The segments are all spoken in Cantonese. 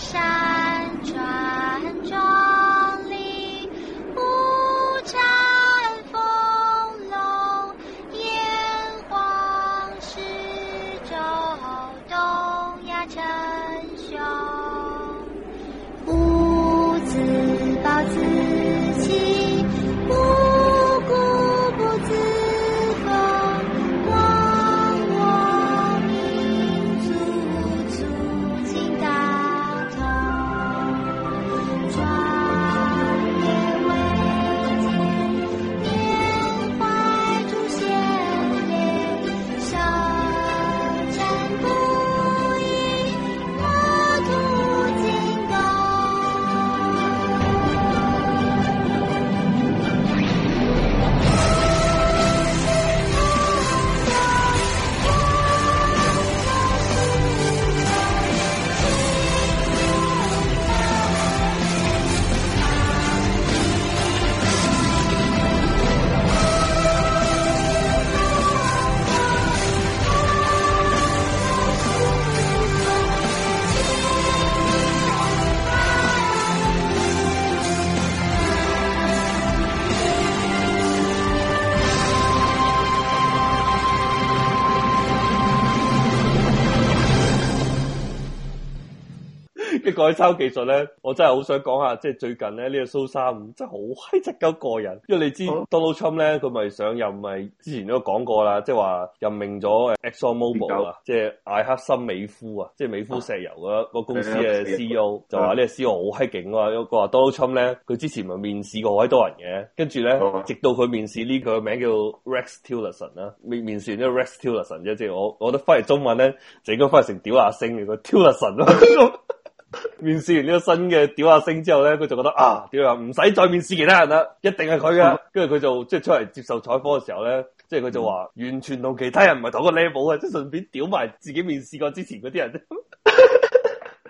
沙。改抄技術咧，我真係好想講下，即係最近咧呢、這個蘇三五真係好閪直嘅個人，因為你知的 Donald Trump 咧佢咪上任咪之前都講過啦，即係話任命咗 Exxon Mobil 啊有，即係艾克森美孚啊，即係美孚石油嘅個公司嘅 CEO 就話呢個 CEO 好閪勁啊，佢話、啊、Donald Trump 咧佢之前咪面試過好多人嘅，跟住咧直到佢面試呢個名叫 Rex Tillerson 啦，ison, 面面試咗 Rex Tillerson，啫。Ison, 即係我我覺得翻譯中文咧，整個翻成屌、呃、下、啊、星嚟個 Tillerson 咯。 面試完呢個新嘅屌下星之後咧，佢就覺得啊，屌啊，唔使再面試其他人啦，一定係佢嘅。跟住佢就即係、就是、出嚟接受採訪嘅時候咧，即係佢就話、是嗯、完全同其他人唔係同一個 level 嘅，即係順便屌埋自己面試過之前嗰啲人。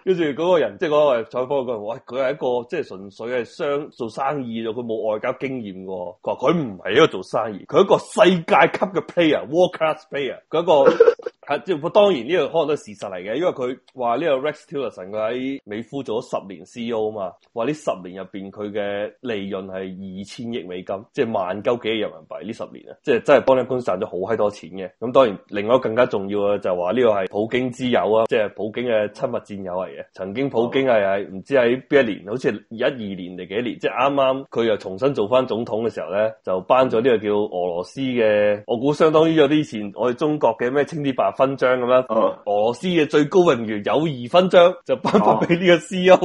跟住嗰個人即係嗰個採訪嗰個人話：佢係一個即係、就是、純粹係商做生意就佢冇外交經驗嘅。佢話佢唔係一個做生意，佢係一個世界級嘅 player，World Class player 佢一個。 啊！即係當然呢個可能都係事實嚟嘅，因為佢話呢個 Rex Tillerson 佢喺美孚做咗十年 CEO 啊嘛，話呢十年入邊佢嘅利潤係二千億美金，即係萬鳩幾億人民幣呢十年啊！即係真係幫呢間公司賺咗好閪多錢嘅。咁當然，另外一個更加重要嘅就係話呢個係普京之友啊，即係普京嘅親密戰友嚟嘅。曾經普京係喺唔知喺邊一年，好似一二年定幾年，年，年，年，即係啱啱佢又重新做翻總統嘅時候咧，就辦咗呢個叫俄羅斯嘅，我估相當於有啲以前我哋中國嘅咩青天白。分章咁樣，uh huh. 俄羅斯嘅最高榮譽友誼勳章就頒發俾呢個 CEO，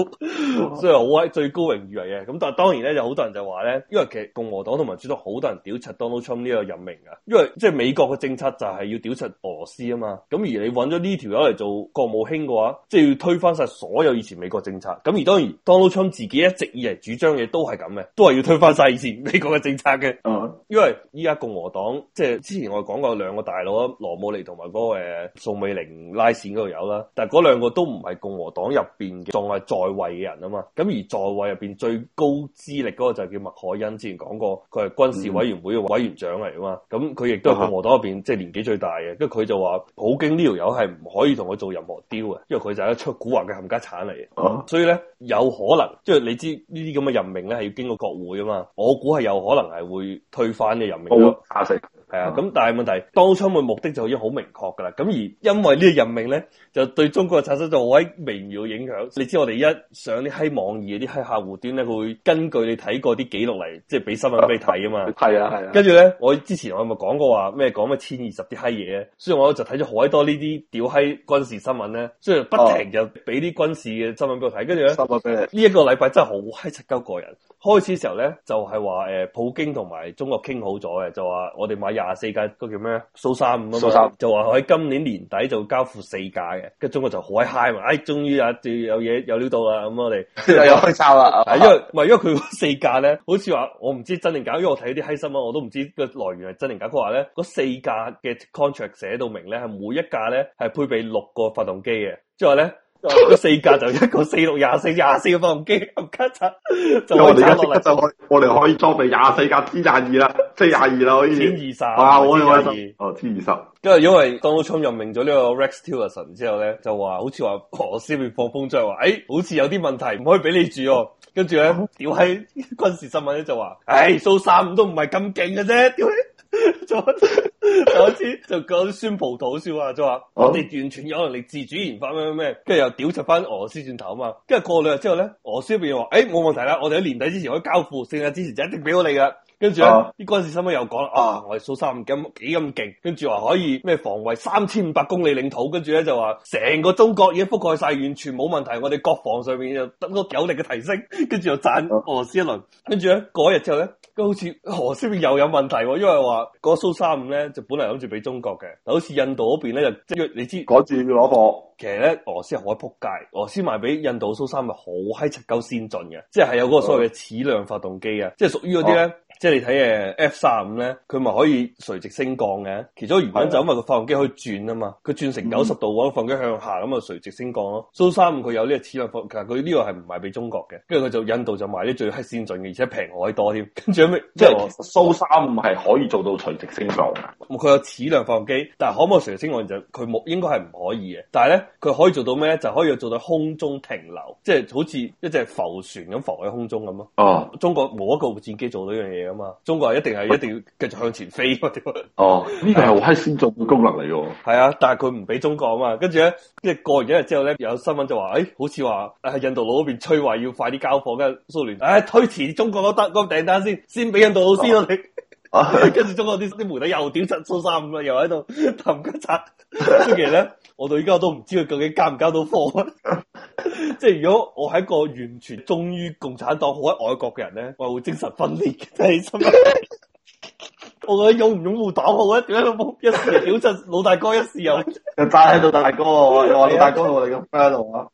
雖然好威最高榮譽嚟嘅，咁但係當然咧就好多人就話咧，因為其實共和黨同埋主多好多人屌柒 Donald Trump 呢個任命啊，因為即係美國嘅政策就係要屌柒俄羅斯啊嘛，咁而你揾咗呢條友嚟做國務卿嘅話，即、就、係、是、要推翻晒所有以前美國政策，咁而當然 Donald Trump 自己一直以嚟主張嘅都係咁嘅，都係要推翻晒以前美國嘅政策嘅，uh huh. 因為依家共和黨即係、就是、之前我哋講過兩個大佬啊，羅姆尼同埋、嗰個誒、呃，宋美齡拉綫嗰條友啦，但係嗰兩個都唔係共和黨入邊仲係在位嘅人啊嘛，咁而在位入邊最高資歷嗰個就叫麥凱恩，之前講過佢係軍事委員會嘅委員長嚟啊嘛，咁佢亦都係共和黨入邊即係年紀最大嘅，跟住佢就話普京呢條友係唔可以同佢做任何雕嘅，因為佢就一出古惑嘅冚家鏟嚟，嘅、啊。」所以咧有可能，即係你知呢啲咁嘅任命咧係要經過國會啊嘛，我估係有可能係會推翻呢任命。啊啊係啊，咁但係問題，當初嘅目的就已經好明確噶啦。咁而因為呢個任命咧，就對中國產生咗好閪微妙嘅影響。你知我哋一上啲閪網易、啲閪客戶端咧，佢會根據你睇過啲記錄嚟，即係俾新聞俾你睇啊嘛。係啊係啊。跟住咧，我之前我咪講過話咩，講咩千二十啲閪嘢，所以我就睇咗好多呢啲屌閪軍事新聞咧，所以不停就俾啲軍事嘅新聞俾我睇。跟住咧，呢一的個禮拜真係好閪柒鳩個人。開始時候咧，就係話誒，普京同埋中國傾好咗嘅，就話我哋買廿四架嗰叫咩啊？蘇三五啊嘛，蘇三就話喺今年年底就交付四架嘅，跟住中國就好嗨嘛！哎，終於有有嘢有料到啦，咁、嗯、我哋又開抽啦，因為唔係因為佢四架咧，好似話我唔知真定假，因為我睇啲閪新聞，我都唔知個來源係真定假。佢話咧，嗰四架嘅 contract 寫到明咧，係每一架咧係配備六個發動機嘅，即係話咧。 四架就一個四六廿四廿四嘅發動機卡就刷刷可以 我哋一朝一晝開，我哋可以裝備廿四架廿二啦，即係廿二啦，可以殲二十，好啊，殲二十，哦，殲二十，因為因為當川普任命咗呢個 Rex Tillerson 之後咧，就話好似話羅斯會放風將話，哎，好似有啲問題唔可以俾你住哦、啊，跟住咧，屌閪軍事新聞咧就話，哎，蘇三都唔係咁勁嘅啫，屌閪。我知，我知，就講酸葡萄笑話。就話我哋完全有能力自主研發咩咩咩，跟住又屌柒翻俄羅斯轉頭啊嘛，跟住過兩日之後咧，俄羅斯邊又話，誒、欸、冇問題啦，我哋喺年底之前可以交付，聖誕之前就一定俾到你噶，跟住咧，啲軍事新聞又講啦，啊，我哋蘇三五咁幾咁勁，跟住話可以咩防衛三千五百公里領土，跟住咧就話成個中國已經覆蓋晒，完全冇問題，我哋國防上面又得個有力嘅提升，跟住又讚俄羅斯一輪，跟住咧嗰日之後咧，佢好似俄羅斯邊又有問題，因為話。個蘇三五咧就本嚟諗住俾中國嘅，但好似印度嗰邊咧，就即係你知，趕住要攞貨。其實咧，俄羅斯好鬼扑街，俄羅斯賣俾印度蘇三五好閪七九先進嘅，即係有嗰個所謂嘅矢量發動機啊，嗯、即係屬於嗰啲咧。嗯即係你睇誒 F 三五咧，佢咪可以垂直升降嘅？其中原因就因為個發動機可以轉啊嘛，佢轉成九十度，個發動機向下咁啊，垂直升降咯。蘇三五佢有呢個矢量放，其實佢呢個係唔賣俾中國嘅，跟住佢就印度就賣啲最閪先進嘅，而且平好多添。跟住咩？即係蘇三五係可以做到垂直升降嘅。佢、哦、有矢量發動機，但係可唔可以垂直升降就佢冇，應該係唔可以嘅。但係咧，佢可以做到咩？就可以做到空中停留，即係好似一隻浮船咁浮喺空中咁咯。哦、嗯，中國冇一個戰機做到呢樣嘢。啊嘛，中國人一定係一定要繼續向前飛，哦，呢個係好閪先進嘅功能嚟喎。係啊，但係佢唔俾中國啊嘛。跟住咧，即係過完一日之後咧，有新聞就話，誒、欸，好似話係印度佬嗰邊催話要快啲交貨，跟住蘇聯，誒、欸，推遲中國嗰單嗰訂單先，先俾印度佬先咯你。跟住、啊啊、 中國啲啲媒體又屌出粗三，咁啦，又喺度談斤柒。雖然咧，我到依家都唔知佢究竟交唔交到貨，啊。即係如果我係一個完全忠於共產黨、好愛愛國嘅人咧，我係會精神分裂嘅，真係。 我覺得擁唔擁護打我咧，點解冇一時屌柒老大哥一時又又炸喺度大哥，又 話 老大哥同我哋嘅 friend 喺度啊，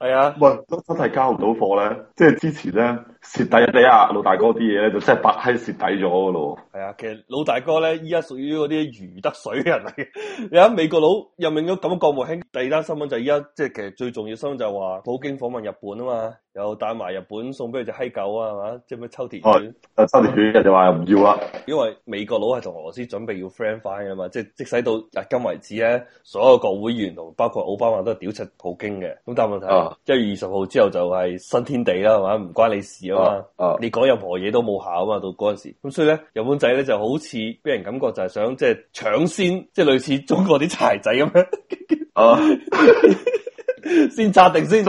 係 啊，喂，都真係交唔到貨咧，即係之前咧蝕底你啊老大哥啲嘢咧就真係白閪蝕底咗嘅咯，係啊，其實老大哥咧依家屬於嗰啲魚得水人嚟嘅， 你睇美國佬任命咗咁個國務卿，第二單新聞就依家即係其實最重要新聞就係話普京訪問日本啊嘛，又帶埋日本送俾佢隻閪狗啊嘛，即係咩秋田犬，啊秋田犬人就話唔要啊， 因為美國。個佬係同俄羅斯準備要 friend 翻嘅嘛，即係即使到至今為止咧，所有國會議員同包括奧巴馬都係屌柒普京嘅，咁但係問題，即係一月二十號之後就係新天地啦，係嘛，唔關你事啊嘛，啊啊你講任何嘢都冇效啊嘛，到嗰陣時，咁所以咧，日本仔咧就好似俾人感覺就係想即係搶先，即係類似中國啲柴仔咁樣，哦 先紮定先。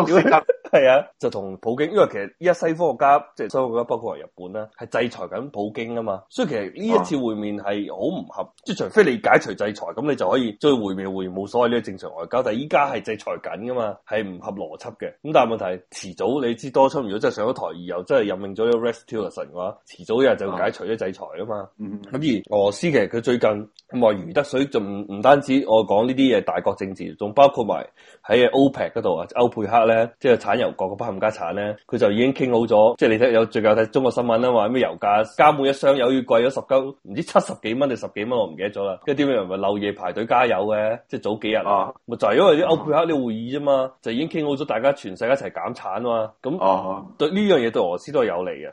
係啊，就同普京，因為其實依家西方國家，即係西方國家包括埋日本啦，係制裁緊普京啊嘛，所以其實呢一次會面係好唔合，啊、即係除非你解除制裁，咁你就可以再會面，會冇所謂呢個正常外交。但係依家係制裁緊噶嘛，係唔合邏輯嘅。咁但係問題，遲早你知多春，如果真係上咗台，而又真係任命咗個 Rex Tillerson 嘅話，遲早一日就解除咗制裁啊嘛。咁、啊、而俄羅斯其實佢最近如魚得水，仲唔唔單止我講呢啲嘢，大國政治，仲包括埋喺歐佩克嗰度啊，歐佩克咧即係產由各個不甚家產咧，佢就已經傾好咗，即係你睇有最近睇中國新聞啦，話咩油價加滿一箱有要貴咗十九唔知七十幾蚊定十幾蚊，我唔記得咗啦。即係啲咩人咪漏夜排隊加油嘅，即係早幾日啊，咪就係因為啲歐佩克啲會議啫嘛，就已經傾好咗大家全世界一齊減產啊嘛，咁對呢、啊、樣嘢對俄羅斯都係有利嘅。